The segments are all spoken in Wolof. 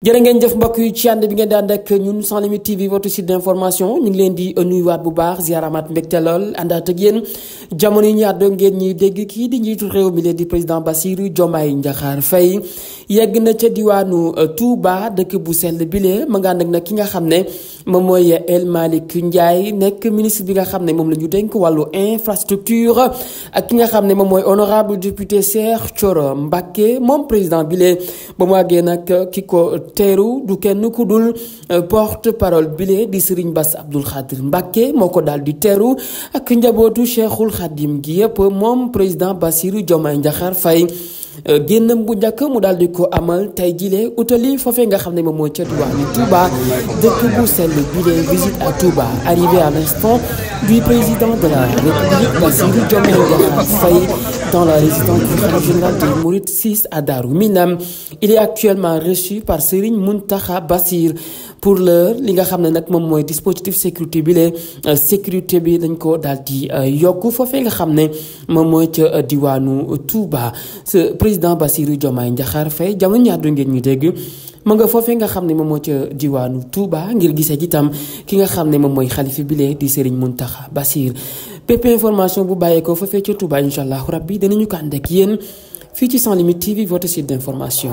jërë ngeen jëf mbokk yi ci ànd bi ngeen daan ànd ak ñun sans limite TV wato site d'information ñu ngi leen di nuyuwaat bu baax ziaramaat mbégte lool àndaat ak yéen jamono yi ñu àddoo ngeen ñuy dégg kii di njiitu réew mi leen di président Bassirou Diomaye Diakhar fay yegg na ca diwaanu euh, Touba dëkk bu sell bile ma nga ànd ak nag ki nga xam ne moom mooy El Malick Ndiaye nekk ministre bi nga xam ne moom la ñu dénk wàllu infrastructure ak ki nga xam ne moom mooy honorable député Cheikh Thioro Mbacké moom président bile ba mu nag ki ko teeru du kenn ku dul euh, porte parole bile di Serigne Bass Abdoul Khadir Mbacké moo ko daal di teeru ak njabootu Cheikhul Khadim gi yëpp moom président Bassirou Diomaye Diakhar fay Euh, génnam bu njëkk mu daal di ko amal tey jilee utali foofee nga xam ne moom mooy ca diwaanu Touba dëkk bu sell bilee visite à Touba arrivé à l'instant du président de la République Bassirou Diomaye Diakhar Faye dans la résidence du Khalife général des Mourides 6 à Darou Minam il est actuellement reçu par Serigne Mountakha Bassir pour l'heure li nga xam ne nag moom mooy dispositif sécurité bi la euh, sécurité bi dañ ko daal di euh, yokk foofee euh, nga xam ne moom mooy ca diwaanu Touba ce président Bassirou Diomaye Diakhar Faye jamono ñaar ngeen ñu dégg. ma nga foofee nga xam ne moom moo ca diwaanu Touba ngir gisee ci tam ki nga xam ne moom mooy xalifa bi lee di mun tax Bassir bépp information bu bàyyeekoo foofee ca Touba incha rab bi danañu ko ànd ak yéen fii ci Sans Limites TV votre site d'information.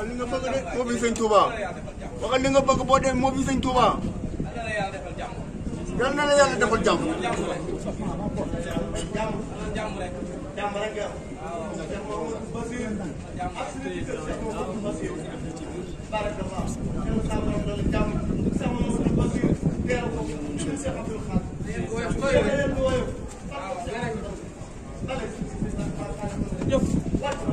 waxal li nga bëgg de moo fi sëñ Touba waxal li nga bëgg boo dee moo fi sëñ Touba yal